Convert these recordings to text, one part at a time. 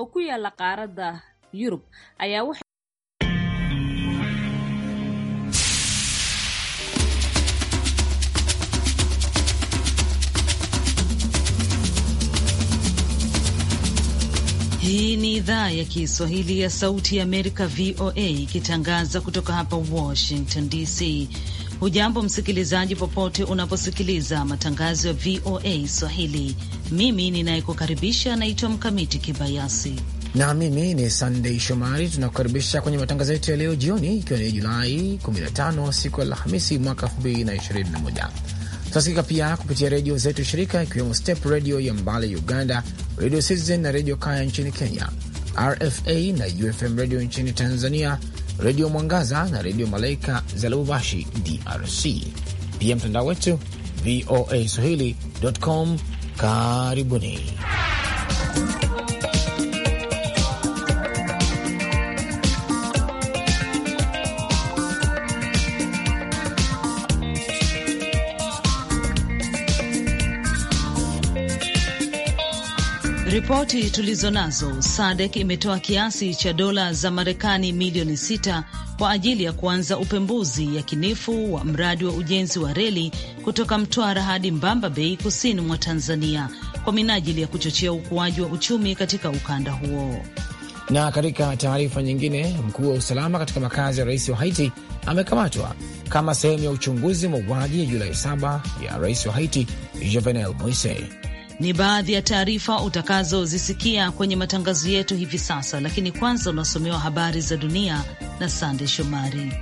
oo ku yaala qaaradda yurub ayaa Hii ni idhaa ya Kiswahili ya Sauti ya Amerika, VOA, ikitangaza kutoka hapa Washington DC. Hujambo msikilizaji, popote unaposikiliza matangazo ya VOA Swahili. Mimi ninayekukaribisha naitwa Mkamiti Kibayasi na mimi ni sandei Shomari. Tunakukaribisha kwenye matangazo yetu ya leo jioni, ikiwa ni Julai 15 siku ya Alhamisi mwaka 2021. Tunasikika pia kupitia redio zetu shirika, ikiwemo Step redio ya Mbale Uganda, redio Citizen na redio Kaya nchini Kenya, RFA na UFM redio nchini Tanzania, Redio Mwangaza na Redio Malaika za Lubumbashi, DRC. Pia mtandao wetu voa swahili.com. Karibuni. Ripoti tulizo nazo, SADC imetoa kiasi cha dola za Marekani milioni sita kwa ajili ya kuanza upembuzi yakinifu wa mradi wa ujenzi wa reli kutoka Mtwara hadi Mbamba Bay kusini mwa Tanzania kwa minajili ya kuchochea ukuaji wa uchumi katika ukanda huo. Na katika taarifa nyingine, mkuu wa usalama katika makazi ya rais wa Haiti amekamatwa kama sehemu ya uchunguzi mauaji ya Julai 7 ya rais wa Haiti Jovenel Moise. Ni baadhi ya taarifa utakazozisikia kwenye matangazo yetu hivi sasa, lakini kwanza unasomewa habari za dunia na Sande Shomari.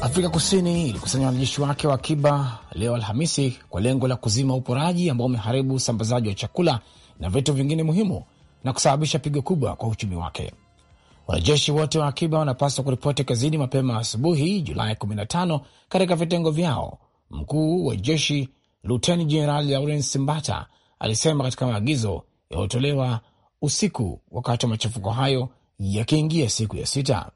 Afrika Kusini ilikusanya wanajeshi wake wa akiba leo Alhamisi kwa lengo la kuzima uporaji ambao umeharibu usambazaji wa chakula na vitu vingine muhimu na kusababisha pigo kubwa kwa uchumi wake. Wanajeshi wote wa akiba wanapaswa kuripoti kazini mapema asubuhi Julai 15 katika vitengo vyao. Mkuu wa jeshi Luteni Jenerali Lawrence Simbata alisema katika maagizo yaliyotolewa usiku, wakati wa machafuko hayo yakiingia siku ya sita.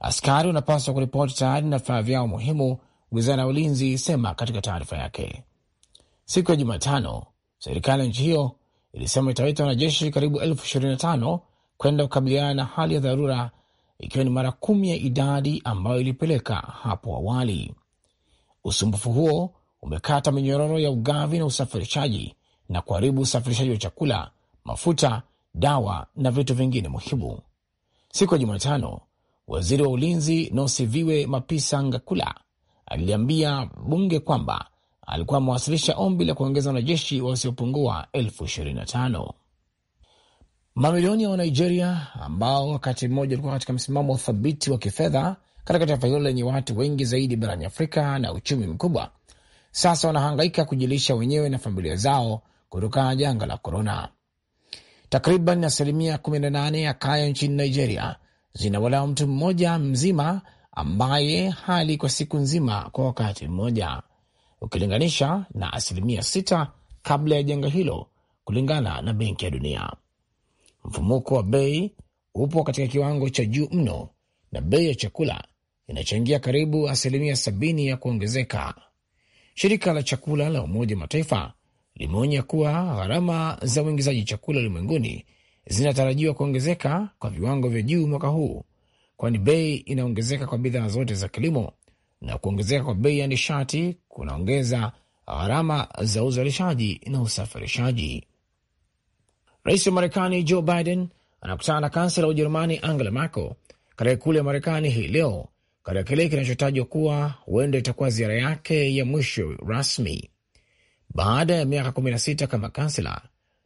Askari wanapaswa kuripoti tayari na vifaa vyao muhimu, wizara ya ulinzi sema katika taarifa yake. Siku ya Jumatano, serikali ya nchi hiyo ilisema itawaita wanajeshi karibu elfu ishirini na tano kwenda kukabiliana na hali ya dharura, ikiwa ni mara kumi ya idadi ambayo ilipeleka hapo awali. Usumbufu huo umekata minyororo ya ugavi na usafirishaji na kuharibu usafirishaji wa chakula, mafuta, dawa na vitu vingine muhimu. Siku ya Jumatano, waziri wa ulinzi Nosiviwe Mapisa Ngakula aliliambia bunge kwamba alikuwa amewasilisha ombi la kuongeza wanajeshi wasiopungua elfu ishirini na tano. Mamilioni ya Wanigeria ambao wakati mmoja walikuwa katika msimamo thabiti wa kifedha katika taifa hilo lenye watu wengi zaidi barani Afrika na uchumi mkubwa, sasa wanahangaika kujilisha wenyewe na familia zao kutokana na janga la korona. Takriban asilimia 18 ya kaya nchini Nigeria zina mtu mmoja mzima ambaye hali kwa siku nzima kwa wakati mmoja ukilinganisha na asilimia sita kabla ya janga hilo, kulingana na Benki ya Dunia. Mfumuko wa bei upo katika kiwango cha juu mno na bei ya chakula inachangia karibu asilimia sabini ya kuongezeka. Shirika la chakula la Umoja Mataifa limeonya kuwa gharama za uingizaji chakula ulimwenguni zinatarajiwa kuongezeka kwa viwango vya juu mwaka huu, kwani bei inaongezeka kwa bidhaa zote za kilimo na kuongezeka kwa bei ya nishati kunaongeza gharama za uzalishaji na usafirishaji. Rais wa Marekani Joe Biden anakutana na kansela wa Ujerumani Angela Merkel katika ikulu ya Marekani hii leo katika kile kinachotajwa kuwa huenda itakuwa ziara yake ya mwisho rasmi baada ya miaka 16 kama kansela.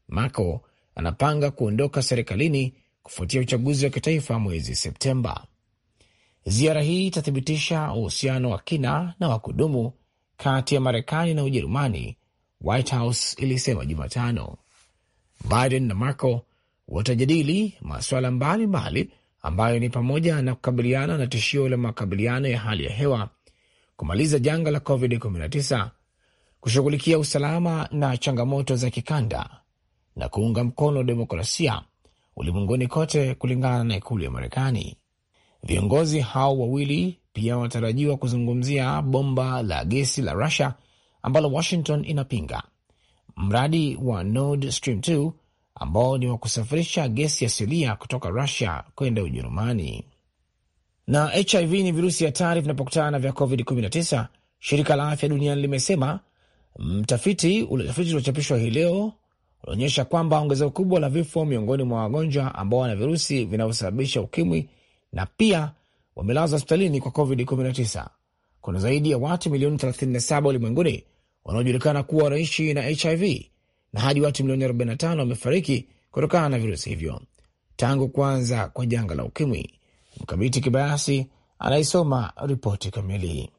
Merkel anapanga kuondoka serikalini kufuatia uchaguzi wa kitaifa mwezi Septemba. Ziara hii itathibitisha uhusiano wa kina na wa kudumu kati ya Marekani na Ujerumani, White House ilisema Jumatano. Biden na Merkel watajadili masuala mbalimbali ambayo ni pamoja na kukabiliana na tishio la makabiliano ya hali ya hewa, kumaliza janga la COVID-19, kushughulikia usalama na changamoto za kikanda na kuunga mkono demokrasia ulimwenguni kote, kulingana na ikulu ya Marekani. Viongozi hao wawili pia wanatarajiwa kuzungumzia bomba la gesi la Rusia ambalo Washington inapinga. Mradi wa Nord Stream 2 ambao ni wa kusafirisha gesi asilia kutoka Rusia kwenda Ujerumani. Na HIV ni virusi hatari vinapokutana na vya COVID-19, shirika la afya duniani limesema. Mtafiti utafiti uliochapishwa hii leo unaonyesha kwamba ongezeko kubwa la vifo miongoni mwa wagonjwa ambao wana virusi vinavyosababisha ukimwi na pia wamelazwa hospitalini kwa COVID-19. Kuna zaidi ya watu milioni 37 ulimwenguni wanaojulikana kuwa wanaishi na HIV na hadi watu milioni 45 wamefariki kutokana na virusi hivyo tangu kuanza kwa janga la ukimwi. Mkamiti Kibayasi anaisoma ripoti kamili.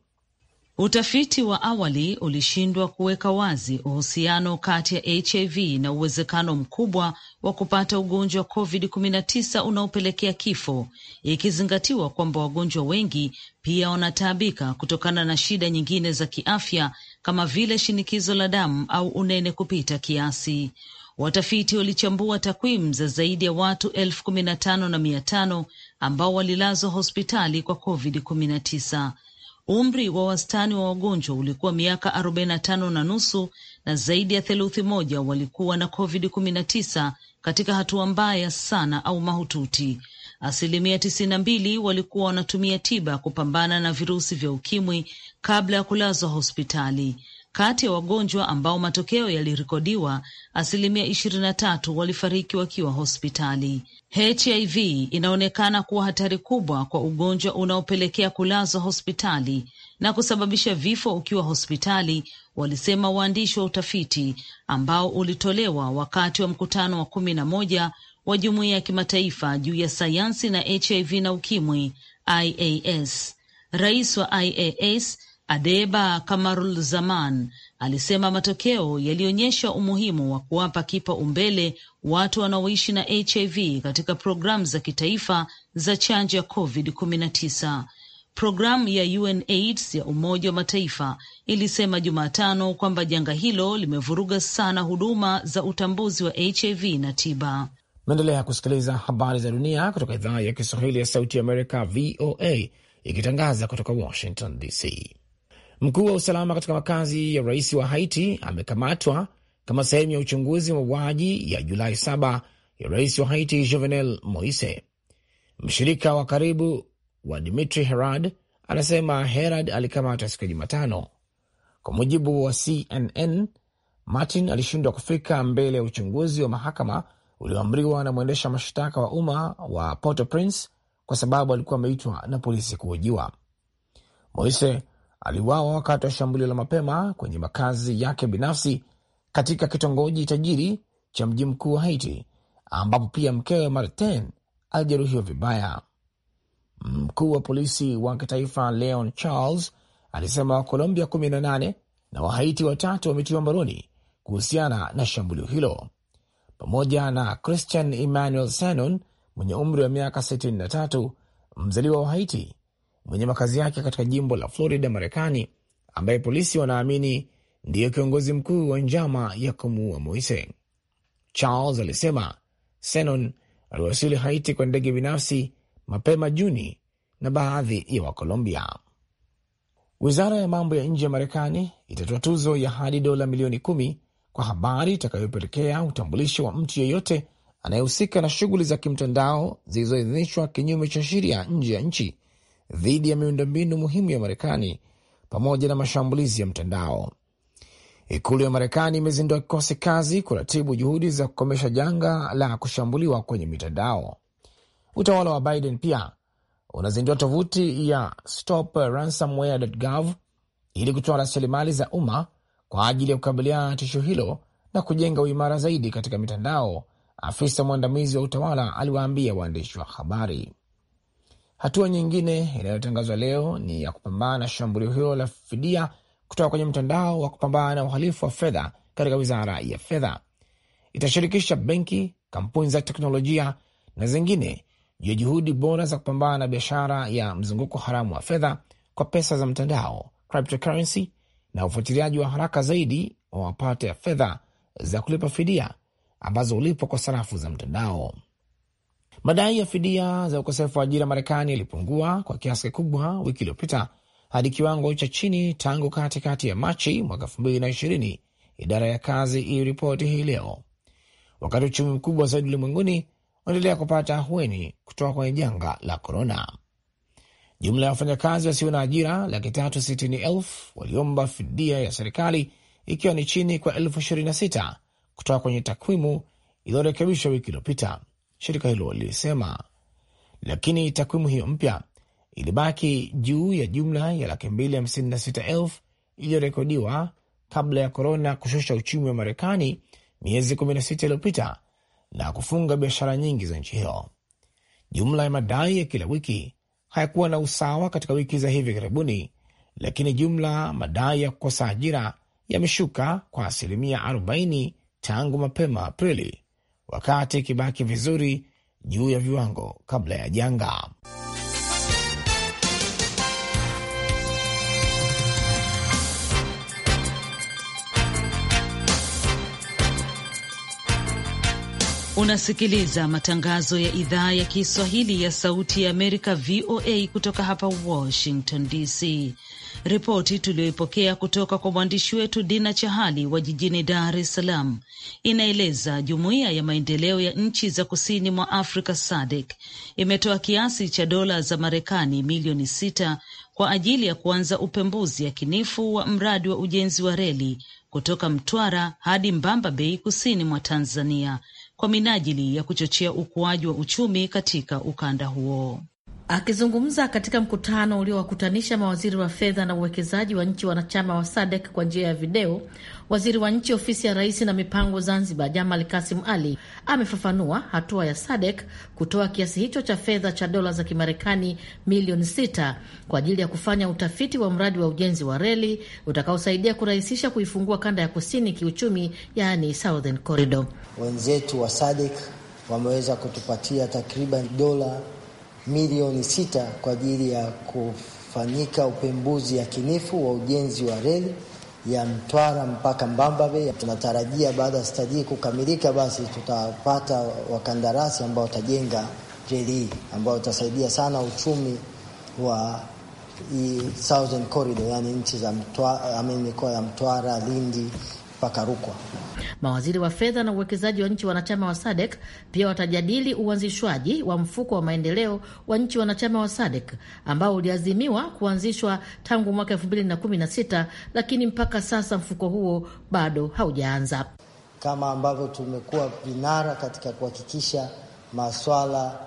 Utafiti wa awali ulishindwa kuweka wazi uhusiano kati ya HIV na uwezekano mkubwa wa kupata ugonjwa wa COVID-19 unaopelekea kifo, ikizingatiwa kwamba wagonjwa wengi pia wanataabika kutokana na shida nyingine za kiafya kama vile shinikizo la damu au unene kupita kiasi. Watafiti walichambua takwimu za zaidi ya watu elfu kumi na tano na mia tano ambao walilazwa hospitali kwa COVID-19 Umri wa wastani wa wagonjwa ulikuwa miaka 45 na tano na nusu na zaidi ya theluthi moja walikuwa na covid 19 tisa katika hatua mbaya sana au mahututi. Asilimia tisini na mbili walikuwa wanatumia tiba kupambana na virusi vya ukimwi kabla ya kulazwa hospitali kati ya wagonjwa ambao matokeo yalirekodiwa, asilimia ishirini na tatu walifariki wakiwa hospitali. HIV inaonekana kuwa hatari kubwa kwa ugonjwa unaopelekea kulazwa hospitali na kusababisha vifo ukiwa hospitali, walisema waandishi wa utafiti ambao ulitolewa wakati wa mkutano wa kumi na moja wa jumuiya ya kimataifa juu ya sayansi na HIV na ukimwi IAS. Rais wa IAS Adeba Kamarul Zaman alisema matokeo yalionyesha umuhimu wa kuwapa kipaumbele watu wanaoishi na HIV katika programu za kitaifa za chanjo ya COVID-19. Programu ya UNAIDS ya Umoja wa Mataifa ilisema Jumatano kwamba janga hilo limevuruga sana huduma za utambuzi wa HIV na tiba. Naendelea kusikiliza habari za dunia kutoka idhaa ya Kiswahili ya Sauti ya Amerika, VOA, ikitangaza kutoka Washington DC. Mkuu wa usalama katika makazi ya rais wa Haiti amekamatwa kama sehemu ya uchunguzi wa mauaji ya Julai saba ya rais wa Haiti Jovenel Moise. Mshirika wa karibu wa Dimitri Herard anasema Herard alikamatwa siku ya Jumatano. Kwa mujibu wa CNN, Martin alishindwa kufika mbele ya uchunguzi wa mahakama ulioamriwa na mwendesha mashtaka wa umma wa Port-au-Prince kwa sababu alikuwa ameitwa na polisi kuhojiwa. Moise aliuawa wakati wa shambulio la mapema kwenye makazi yake binafsi katika kitongoji tajiri cha mji mkuu wa Haiti, ambapo pia mkewe Martin alijeruhiwa vibaya. Mkuu wa polisi wa kitaifa Leon Charles alisema Wakolombia 18 na Wahaiti watatu wametiwa mbaroni kuhusiana na shambulio hilo, pamoja na Christian Emmanuel Sanon mwenye umri wa miaka 63 mzaliwa wa Haiti mwenye makazi yake katika jimbo la Florida, Marekani, ambaye polisi wanaamini ndiyo kiongozi mkuu wa njama ya kumuua Moise. Charles alisema Senon aliwasili Haiti kwa ndege binafsi mapema Juni na baadhi ya Wakolombia. Wizara ya mambo ya nje ya Marekani itatoa tuzo ya hadi dola milioni kumi kwa habari itakayopelekea utambulisho wa mtu yeyote anayehusika na shughuli za kimtandao zilizoidhinishwa kinyume cha sheria nje ya nchi dhidi ya miundombinu muhimu ya Marekani pamoja na mashambulizi ya mtandao. Ikulu ya Marekani imezindua kikosi kazi kuratibu juhudi za kukomesha janga la kushambuliwa kwenye mitandao. Utawala wa Biden pia unazindua tovuti ya stopransomware.gov ili kutoa rasilimali za umma kwa ajili ya kukabiliana na tisho hilo na kujenga uimara zaidi katika mitandao, afisa mwandamizi wa utawala aliwaambia waandishi wa habari. Hatua nyingine inayotangazwa leo ni ya kupambana na shambulio hilo la fidia kutoka kwenye mtandao wa kupambana na uhalifu wa fedha katika wizara ya fedha. Itashirikisha benki, kampuni za teknolojia na zingine juu ya juhudi bora za kupambana na biashara ya mzunguko haramu wa fedha kwa pesa za mtandao, cryptocurrency, na ufuatiliaji wa haraka zaidi wa mapato ya fedha za kulipa fidia ambazo hulipwa kwa sarafu za mtandao. Madai ya fidia za ukosefu wa ajira Marekani yalipungua kwa kiasi kikubwa wiki iliyopita hadi kiwango cha chini tangu katikati kati ya Machi mwaka 2 idara ya kazi iliripoti hii leo, wakati uchumi mkubwa zaidi ulimwenguni unaendelea kupata ahueni kutoka kwenye janga la korona. Jumla ya wafanyakazi wasio na ajira laki tatu sitini elfu waliomba fidia ya serikali ikiwa ni chini kwa elfu ishirini na sita kutoka kwenye takwimu iliyorekebishwa wiki iliyopita shirika hilo lilisema. Lakini takwimu hiyo mpya ilibaki juu ya jumla ya laki mbili hamsini na sita elfu iliyorekodiwa kabla ya korona kushusha uchumi wa Marekani miezi 16 iliyopita na kufunga biashara nyingi za nchi hiyo. Jumla ya madai ya kila wiki hayakuwa na usawa katika wiki za hivi karibuni, lakini jumla madai ya kukosa ajira yameshuka kwa asilimia 40 tangu mapema Aprili wakati ikibaki vizuri juu ya viwango kabla ya janga. Unasikiliza matangazo ya idhaa ya Kiswahili ya Sauti ya Amerika, VOA, kutoka hapa Washington DC. Ripoti tuliyoipokea kutoka kwa mwandishi wetu Dina Chahali wa jijini Dar es Salaam inaeleza jumuiya ya maendeleo ya nchi za kusini mwa Afrika SADC imetoa kiasi cha dola za Marekani milioni sita kwa ajili ya kuanza upembuzi yakinifu wa mradi wa ujenzi wa reli kutoka Mtwara hadi Mbamba Bay kusini mwa Tanzania kwa minajili ya kuchochea ukuaji wa uchumi katika ukanda huo. Akizungumza katika mkutano uliowakutanisha mawaziri wa fedha na uwekezaji wa nchi wanachama wa SADC kwa njia ya video, waziri wa nchi ofisi ya rais na mipango Zanzibar, Jamal Kasim Ali, amefafanua hatua ya SADC kutoa kiasi hicho cha fedha cha dola za Kimarekani milioni sita kwa ajili ya kufanya utafiti wa mradi wa ujenzi wa reli utakaosaidia kurahisisha kuifungua kanda ya kusini kiuchumi, yaani Southern Corridor. Wenzetu wa SADC wameweza kutupatia takriban dola milioni sita kwa ajili ya kufanyika upembuzi yakinifu wa ujenzi wa reli ya Mtwara mpaka Mbambare. Tunatarajia baada ya stadi hii kukamilika, basi tutapata wakandarasi ambao watajenga reli hii ambayo itasaidia sana uchumi wa Southern Corridor, yani nchi za mikoa ya Mtwara, Lindi pakarukwa. Mawaziri wa fedha na uwekezaji wa nchi wanachama wa SADC pia watajadili uanzishwaji wa mfuko wa maendeleo wa nchi wanachama wa SADC ambao uliazimiwa kuanzishwa tangu mwaka sita lakini mpaka sasa mfuko huo bado haujaanza. Kama ambavyo tumekuwa vinara katika kuhakikisha maswala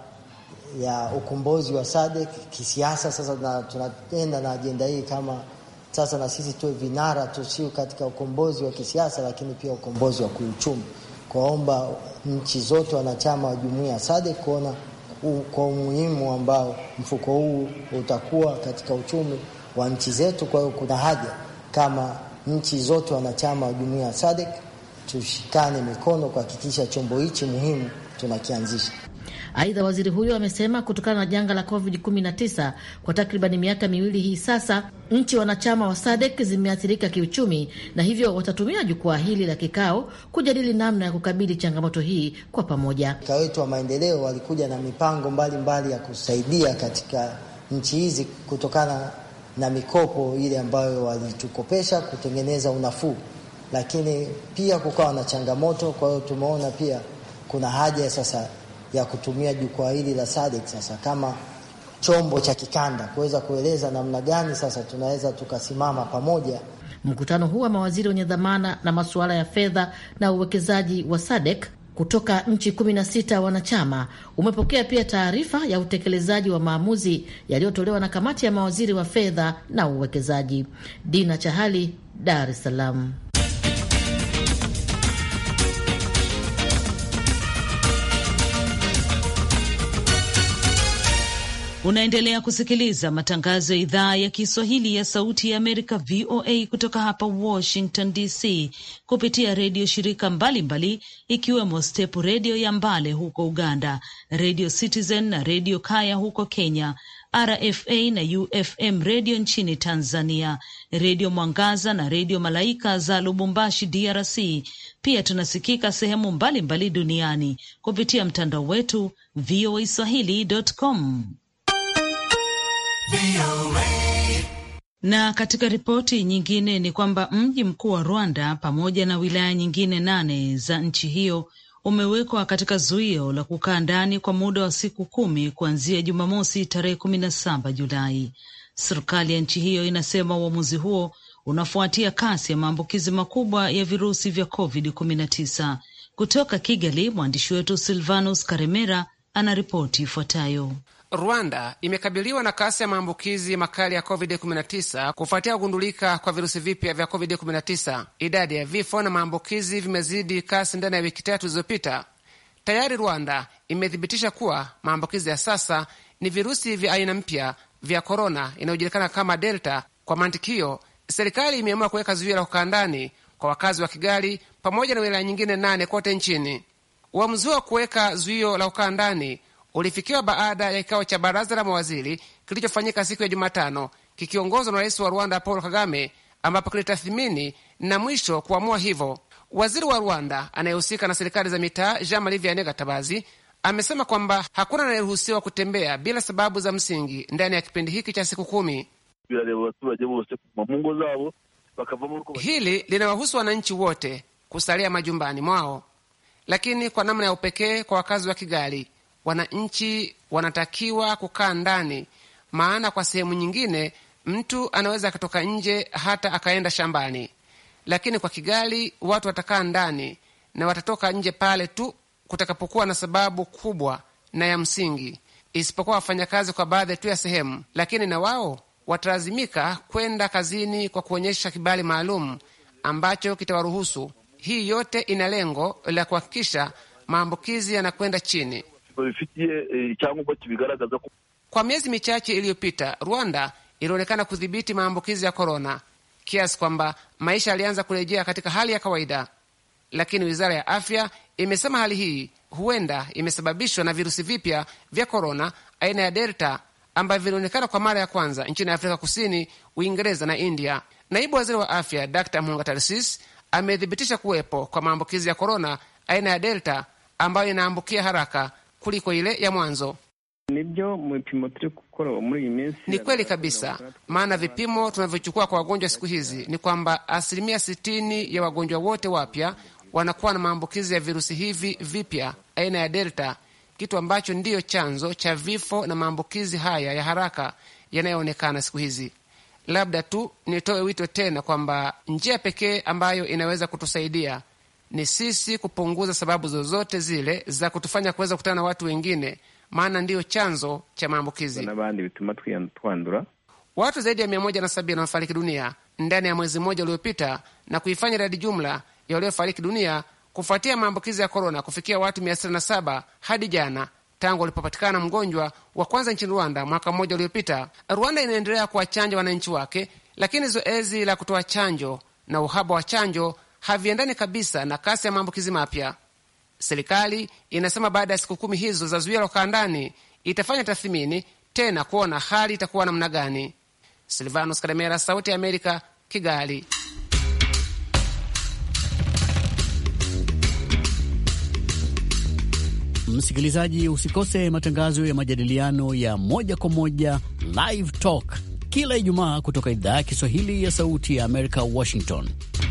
ya ukombozi wa SADC kisiasa, sasa tunaenda na ajenda hii kama sasa na sisi tuwe vinara tu, sio katika ukombozi wa kisiasa, lakini pia ukombozi wa kiuchumi, kuwaomba nchi zote wanachama wa jumuiya ya SADC kuona kwa umuhimu ambao mfuko huu utakuwa katika uchumi wa nchi zetu. Kwa hiyo kuna haja kama nchi zote wanachama wa jumuiya sadek SADC tushikane mikono kuhakikisha chombo hichi muhimu tunakianzisha. Aidha, waziri huyo amesema kutokana na janga la COVID-19 kwa takribani miaka miwili hii sasa, nchi wanachama wa SADC zimeathirika kiuchumi, na hivyo watatumia jukwaa hili la kikao kujadili namna ya kukabili changamoto hii kwa pamoja. Mkao wetu wa maendeleo walikuja na mipango mbalimbali mbali ya kusaidia katika nchi hizi kutokana na mikopo ile ambayo walitukopesha kutengeneza unafuu, lakini pia kukawa na changamoto. Kwa hiyo tumeona pia kuna haja sasa ya kutumia jukwaa hili la SADC sasa kama chombo cha kikanda kuweza kueleza namna gani sasa tunaweza tukasimama pamoja. Mkutano huu wa mawaziri wenye dhamana na masuala ya fedha na uwekezaji wa SADC kutoka nchi 16 wanachama umepokea pia taarifa ya utekelezaji wa maamuzi yaliyotolewa na kamati ya mawaziri wa fedha na uwekezaji. Dina Chahali, Dar es Salaam. Unaendelea kusikiliza matangazo ya idhaa ya Kiswahili ya Sauti ya Amerika, VOA, kutoka hapa Washington DC, kupitia redio shirika mbalimbali, ikiwemo Step Redio ya Mbale huko Uganda, Redio Citizen na Redio Kaya huko Kenya, RFA na UFM redio nchini Tanzania, redio Mwangaza na redio Malaika za Lubumbashi, DRC. Pia tunasikika sehemu mbalimbali mbali duniani kupitia mtandao wetu voa swahili.com. Na katika ripoti nyingine ni kwamba mji mkuu wa Rwanda pamoja na wilaya nyingine nane za nchi hiyo umewekwa katika zuio la kukaa ndani kwa muda wa siku kumi kuanzia Jumamosi tarehe kumi na saba Julai. Serikali ya nchi hiyo inasema uamuzi huo unafuatia kasi ya maambukizi makubwa ya virusi vya COVID-19. Kutoka Kigali, mwandishi wetu Silvanus Karemera anaripoti ifuatayo. Rwanda imekabiliwa na kasi ya maambukizi makali ya COVID-19 kufuatia kugundulika kwa virusi vipya vya COVID-19. Idadi ya vifo na maambukizi vimezidi kasi ndani ya wiki tatu zilizopita. Tayari Rwanda imethibitisha kuwa maambukizi ya sasa ni virusi vya aina mpya vya korona inayojulikana kama Delta. Kwa mantiki hiyo, serikali imeamua kuweka zuio la kukaa ndani kwa wakazi wa Kigali pamoja na wilaya nyingine nane kote nchini. Uamuzi wa kuweka zuio la kukaa ndani ulifikiwa baada ya kikao cha baraza la mawaziri kilichofanyika siku ya Jumatano kikiongozwa na rais wa Rwanda Paul Kagame, ambapo kilitathimini na mwisho kuamua hivyo. Waziri wa Rwanda anayehusika na serikali za mitaa Jean Marie Vianney Gatabazi amesema kwamba hakuna anayeruhusiwa kutembea bila sababu za msingi ndani ya kipindi hiki cha siku kumi. Hili linawahusu wananchi wote kusalia majumbani mwao, lakini kwa namna ya upekee kwa wakazi wa Kigali wananchi wanatakiwa kukaa ndani, maana kwa sehemu nyingine mtu anaweza akatoka nje hata akaenda shambani, lakini kwa Kigali watu watakaa ndani na watatoka nje pale tu kutakapokuwa na sababu kubwa na ya msingi, isipokuwa wafanyakazi kwa baadhi tu ya sehemu, lakini na wao watalazimika kwenda kazini kwa kuonyesha kibali maalum ambacho kitawaruhusu. Hii yote ina lengo la kuhakikisha maambukizi yanakwenda chini babifitiye e e ngo kibigaragaza ko kwa miezi michache iliyopita Rwanda ilionekana kudhibiti maambukizi ya korona kiasi kwamba maisha yalianza kurejea katika hali ya kawaida, lakini wizara ya afya imesema hali hii huenda imesababishwa na virusi vipya vya korona aina ya Delta ambavyo vilionekana kwa mara ya kwanza nchini Afrika Kusini, Uingereza na India. Naibu waziri wa afya Dr Mungatarsis amethibitisha kuwepo kwa maambukizi ya korona aina ya Delta ambayo inaambukia haraka kuliko ile ya mwanzo. Ni kweli kabisa, maana vipimo tunavyochukua kwa wagonjwa siku hizi ni kwamba asilimia sitini ya wagonjwa wote wapya wanakuwa na maambukizi ya virusi hivi vipya aina ya Delta, kitu ambacho ndiyo chanzo cha vifo na maambukizi haya ya haraka yanayoonekana siku hizi. Labda tu nitoe wito tena kwamba njia pekee ambayo inaweza kutusaidia ni sisi kupunguza sababu zozote zile za kutufanya kuweza kukutana na watu wengine, maana ndiyo chanzo cha maambukizi. Watu zaidi ya mia moja na sabini wanafariki dunia ndani ya mwezi mmoja uliopita na kuifanya idadi jumla ya waliofariki dunia kufuatia maambukizi ya korona kufikia watu saba hadi jana tangu walipopatikana mgonjwa wa kwanza nchini Rwanda mwaka mmoja uliopita. Rwanda inaendelea kuwachanja wananchi wake, lakini zoezi la kutoa chanjo na uhaba wa chanjo haviendani kabisa na kasi ya maambukizi mapya. Serikali inasema baada ya siku kumi hizo za zuia la kukaa ndani itafanya tathmini tena kuona hali itakuwa namna gani. Silvanus Karemera, Sauti ya Amerika, Kigali. Msikilizaji, usikose matangazo ya majadiliano ya moja kwa moja Live Talk kila Ijumaa kutoka idhaa ya Kiswahili ya Sauti ya Amerika, Washington.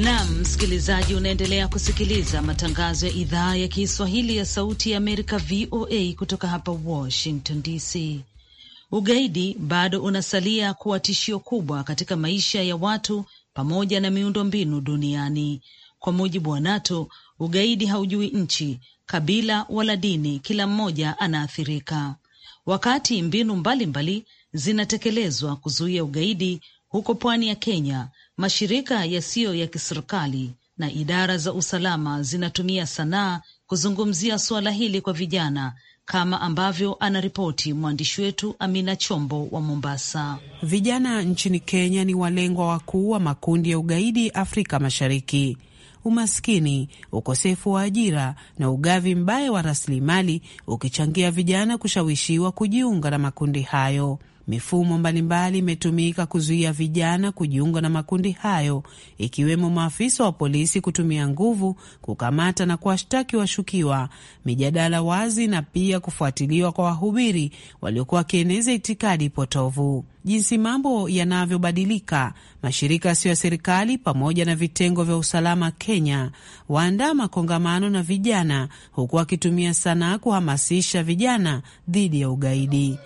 Nam msikilizaji, unaendelea kusikiliza matangazo ya idhaa ya Kiswahili ya Sauti ya Amerika, VOA, kutoka hapa Washington DC. Ugaidi bado unasalia kuwa tishio kubwa katika maisha ya watu pamoja na miundo mbinu duniani. Kwa mujibu wa NATO, ugaidi haujui nchi, kabila wala dini, kila mmoja anaathirika. Wakati mbinu mbalimbali mbali zinatekelezwa kuzuia ugaidi huko pwani ya Kenya, mashirika yasiyo ya kiserikali na idara za usalama zinatumia sanaa kuzungumzia suala hili kwa vijana kama ambavyo anaripoti mwandishi wetu Amina Chombo wa Mombasa. Vijana nchini Kenya ni walengwa wakuu wa makundi ya ugaidi Afrika Mashariki. Umaskini, ukosefu wa ajira na ugavi mbaya wa rasilimali ukichangia vijana kushawishiwa kujiunga na makundi hayo. Mifumo mbalimbali imetumika kuzuia vijana kujiunga na makundi hayo, ikiwemo maafisa wa polisi kutumia nguvu kukamata na kuwashtaki washukiwa, mijadala wazi, na pia kufuatiliwa kwa wahubiri waliokuwa wakieneza itikadi potovu. Jinsi mambo yanavyobadilika, mashirika yasiyo ya serikali pamoja na vitengo vya usalama Kenya waandaa makongamano na vijana, huku wakitumia sanaa kuhamasisha vijana dhidi ya ugaidi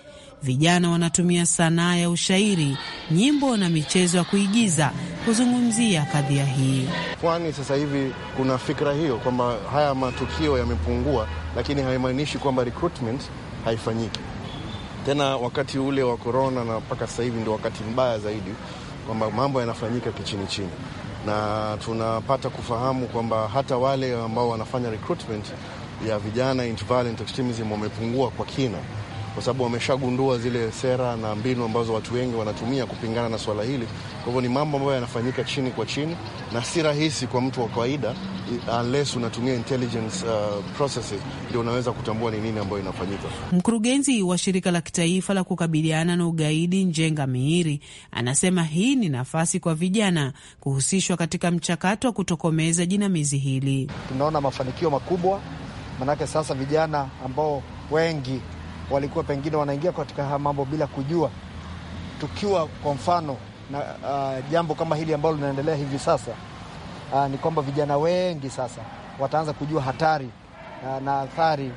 vijana wanatumia sanaa ya ushairi, nyimbo na michezo ya kuigiza kuzungumzia kadhia hii. Kwani sasa hivi kuna fikra hiyo kwamba haya matukio yamepungua, lakini haimaanishi kwamba recruitment haifanyiki tena. Wakati ule wa korona na mpaka sasa hivi ndio wakati mbaya zaidi, kwamba mambo yanafanyika kichini chini na tunapata kufahamu kwamba hata wale ambao wanafanya recruitment ya vijana extremism wamepungua kwa kina kwa sababu wameshagundua zile sera na mbinu ambazo watu wengi wanatumia kupingana na swala hili. Kwa hivyo ni mambo ambayo yanafanyika chini kwa chini na si rahisi kwa mtu wa kawaida, unless unatumia intelligence uh, processes ndio unaweza kutambua ni nini ambayo inafanyika. Mkurugenzi wa shirika la kitaifa la kukabiliana na ugaidi Njenga Mihiri anasema hii ni nafasi kwa vijana kuhusishwa katika mchakato wa kutokomeza jinamizi hili. Tunaona mafanikio makubwa, manake sasa vijana ambao wengi walikuwa pengine wanaingia katika haya mambo bila kujua. Tukiwa kwa mfano na uh, jambo kama hili ambalo linaendelea hivi sasa uh, ni kwamba vijana wengi sasa wataanza kujua hatari uh, na athari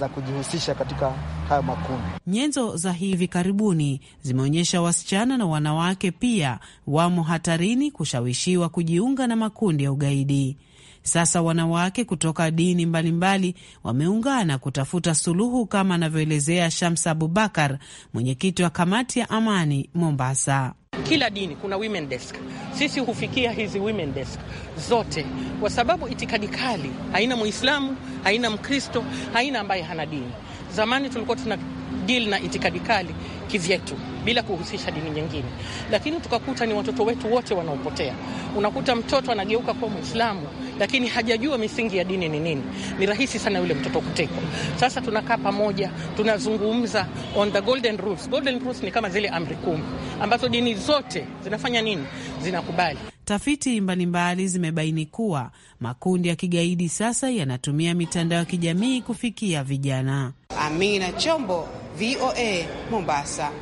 za kujihusisha katika haya makundi. Nyenzo za hivi karibuni zimeonyesha wasichana na wanawake pia wamo hatarini kushawishiwa kujiunga na makundi ya ugaidi. Sasa wanawake kutoka dini mbalimbali wameungana kutafuta suluhu, kama anavyoelezea Shamsa Abubakar, mwenyekiti wa kamati ya amani Mombasa. Kila dini kuna women desk. Sisi hufikia hizi women desk zote, kwa sababu itikadi kali haina Muislamu, haina Mkristo, haina ambaye hana dini. Zamani tulikuwa tuna deal na itikadi kali kivyetu bila kuhusisha dini nyingine, lakini tukakuta ni watoto wetu wote wanaopotea. Unakuta mtoto anageuka kuwa Mwislamu, lakini hajajua misingi ya dini ni nini. Ni rahisi sana yule mtoto kutekwa. Sasa tunakaa pamoja, tunazungumza on the golden rules. Golden rules ni kama zile amri kumi ambazo dini zote zinafanya nini? Zinakubali. Tafiti mbalimbali zimebaini kuwa makundi ya kigaidi sasa yanatumia mitandao ya kijamii kufikia vijana. Amina Chombo VOA Mombasa.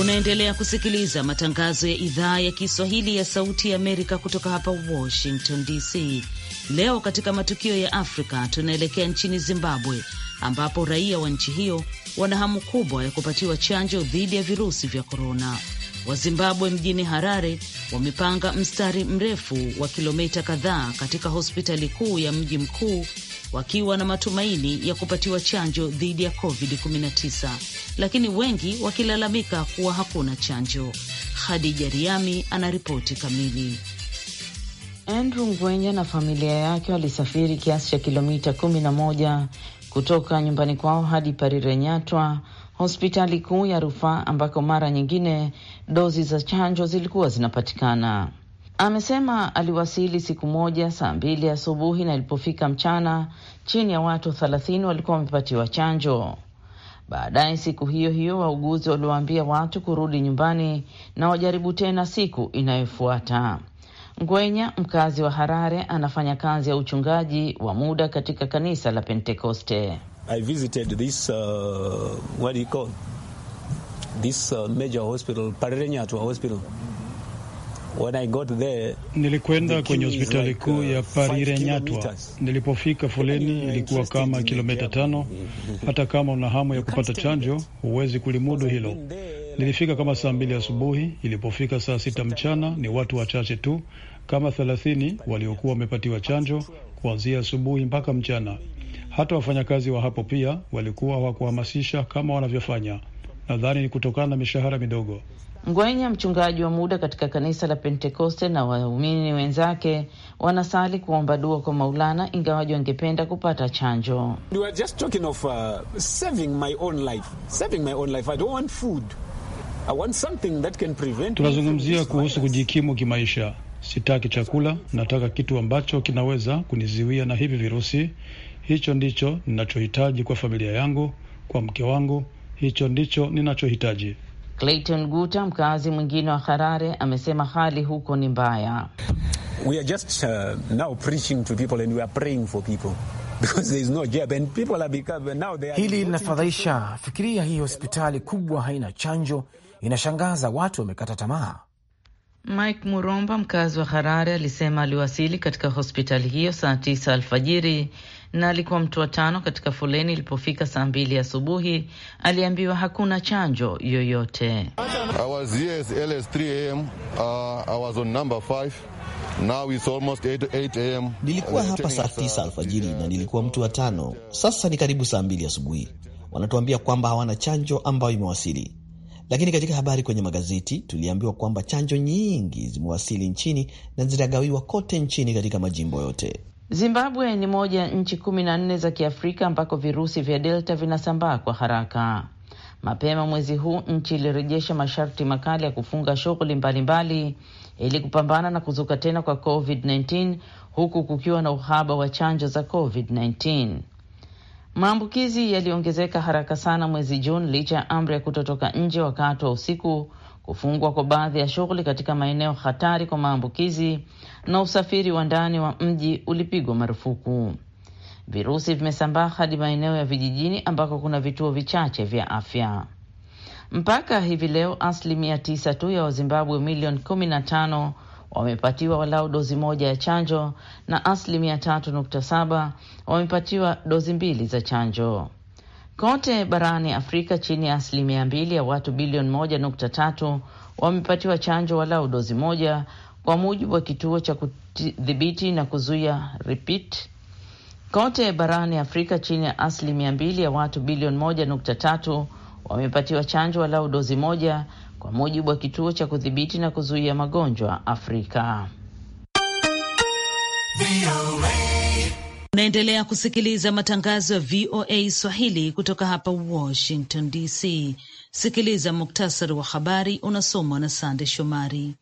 Unaendelea kusikiliza matangazo ya idhaa ya Kiswahili ya Sauti ya Amerika kutoka hapa Washington DC. Leo katika matukio ya Afrika tunaelekea nchini Zimbabwe ambapo raia wa nchi hiyo wana hamu kubwa ya kupatiwa chanjo dhidi ya virusi vya korona. Wazimbabwe mjini Harare wamepanga mstari mrefu wa kilomita kadhaa katika hospitali kuu ya mji mkuu wakiwa na matumaini ya kupatiwa chanjo dhidi ya COVID-19, lakini wengi wakilalamika kuwa hakuna chanjo. Hadija Riami anaripoti kamili. Andrew Ngwenya na familia yake walisafiri kiasi cha kilomita 11 kutoka nyumbani kwao hadi parire nyatwa hospitali kuu ya rufaa ambako mara nyingine dozi za chanjo zilikuwa zinapatikana. Amesema aliwasili siku moja saa mbili asubuhi na ilipofika mchana, chini ya watu thelathini walikuwa wamepatiwa chanjo. Baadaye siku hiyo hiyo, wauguzi waliwaambia watu kurudi nyumbani na wajaribu tena siku inayofuata. Ngwenya, mkazi wa Harare, anafanya kazi ya uchungaji wa muda katika kanisa la Pentekoste. I visited this, uh, what do you call? This, uh, major hospital, hospital. When I got there, nilikwenda kwenye hospitali like, kuu ya uh, Parirenyatwa. Nilipofika foleni ilikuwa kama kilomita tano. Hata kama una hamu ya kupata chanjo, huwezi kulimudu hilo. Nilifika kama saa mbili asubuhi. Ilipofika saa sita mchana, ni watu wachache tu kama thelathini waliokuwa wamepatiwa chanjo kuanzia asubuhi mpaka mchana. Hata wafanyakazi wa hapo pia walikuwa hawakuhamasisha kama wanavyofanya. Nadhani ni kutokana na mishahara midogo. Ngwenya, mchungaji wa muda katika kanisa la Pentekoste, na waumini wenzake wanasali kuomba dua kwa Maulana, ingawaji wangependa kupata chanjo. We Tunazungumzia kuhusu kujikimu kimaisha. Sitaki chakula, nataka kitu ambacho kinaweza kuniziwia na hivi virusi. Hicho ndicho ninachohitaji kwa familia yangu, kwa mke wangu, hicho ndicho ninachohitaji. Clayton Guta, mkazi mwingine wa Harare, amesema hali huko ni mbaya. Hili linafadhaisha. Fikiria, hii hospitali kubwa haina chanjo inashangaza, watu wamekata tamaa. Mike Muromba, mkazi wa Harare, alisema aliwasili katika hospitali hiyo saa tisa alfajiri na alikuwa mtu wa tano katika foleni. Ilipofika saa mbili asubuhi, aliambiwa hakuna chanjo yoyote. Uh, nilikuwa hapa saa tisa alfajiri na nilikuwa mtu wa tano. Sasa ni karibu saa mbili asubuhi, wanatuambia kwamba hawana chanjo ambayo imewasili. Lakini katika habari kwenye magazeti tuliambiwa kwamba chanjo nyingi zimewasili nchini na zitagawiwa kote nchini katika majimbo yote. Zimbabwe ni moja ya nchi kumi na nne za Kiafrika ambako virusi vya Delta vinasambaa kwa haraka. Mapema mwezi huu nchi ilirejesha masharti makali ya kufunga shughuli mbalimbali ili kupambana na kuzuka tena kwa COVID-19 huku kukiwa na uhaba wa chanjo za COVID-19. Maambukizi yaliongezeka haraka sana mwezi Juni licha ya amri ya kutotoka nje wakati wa usiku, kufungwa kwa baadhi ya shughuli katika maeneo hatari kwa maambukizi, na usafiri wa ndani wa mji ulipigwa marufuku. Virusi vimesambaa hadi maeneo ya vijijini ambako kuna vituo vichache vya afya. Mpaka hivi leo asilimia tisa tu ya Wazimbabwe milioni kumi na tano wamepatiwa walau dozi moja ya chanjo na asilimia tatu nukta saba wamepatiwa dozi mbili za chanjo. Kote barani Afrika, chini ya asilimia mbili ya watu bilioni moja nukta tatu wamepatiwa chanjo walau dozi moja, kwa mujibu wa kituo cha kudhibiti na kuzuia REPIT. Kote barani Afrika, chini ya asilimia mbili ya watu bilioni moja nukta tatu wamepatiwa chanjo walau dozi moja kwa mujibu wa kituo cha kudhibiti na kuzuia magonjwa Afrika. Unaendelea kusikiliza matangazo ya VOA Swahili kutoka hapa Washington DC. Sikiliza muktasari wa habari unasomwa na Sande Shomari.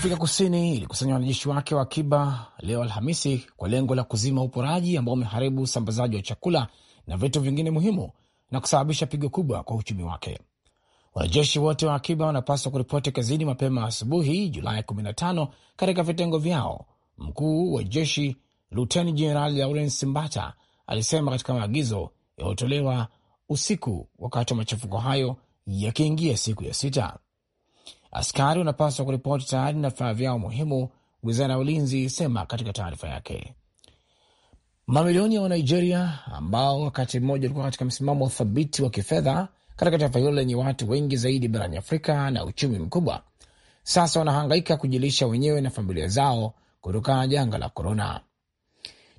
Afrika Kusini ilikusanya wanajeshi wake wa akiba leo Alhamisi kwa lengo la kuzima uporaji ambao umeharibu usambazaji wa chakula na vitu vingine muhimu na kusababisha pigo kubwa kwa uchumi wake. Wanajeshi wote wa akiba wanapaswa kuripoti kazini mapema asubuhi Julai 15 katika vitengo vyao, mkuu wa jeshi Luteni Jenerali Laurent Simbata alisema katika maagizo yaliyotolewa usiku, wakati wa machafuko hayo yakiingia siku ya sita. Askari wanapaswa kuripoti tayari na vifaa vyao muhimu, wizara ya ulinzi ilisema katika taarifa yake. Mamilioni ya Wanigeria ambao wakati mmoja walikuwa katika msimamo thabiti wa kifedha katika taifa hilo lenye watu wengi zaidi barani Afrika na uchumi mkubwa, sasa wanahangaika kujilisha wenyewe na familia zao kutokana na janga la korona.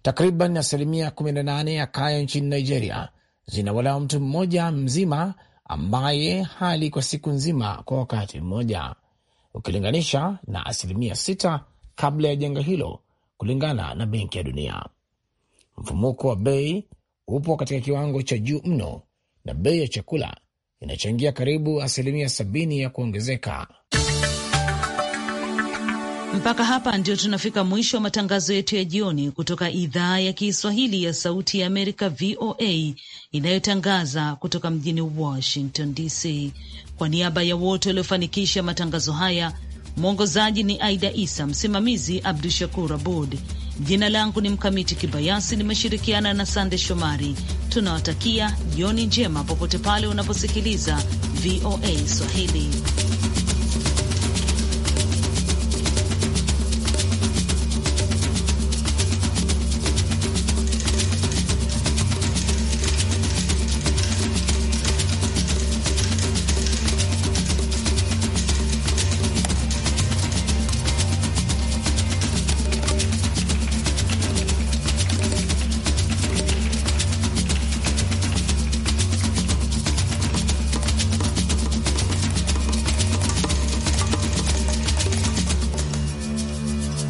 Takriban asilimia 18 ya kaya nchini Nigeria zina mtu mmoja mzima ambaye hali kwa siku nzima kwa wakati mmoja, ukilinganisha na asilimia sita kabla ya janga hilo, kulingana na Benki ya Dunia. Mfumuko wa bei upo katika kiwango cha juu mno na bei ya chakula inachangia karibu asilimia sabini ya kuongezeka. Mpaka hapa ndio tunafika mwisho wa matangazo yetu ya jioni kutoka idhaa ya Kiswahili ya Sauti ya Amerika, VOA, inayotangaza kutoka mjini Washington DC. Kwa niaba ya wote waliofanikisha matangazo haya, mwongozaji ni Aida Isa, msimamizi Abdu Shakur Abud. Jina langu ni Mkamiti Kibayasi, nimeshirikiana na Sande Shomari. Tunawatakia jioni njema popote pale unaposikiliza VOA Swahili.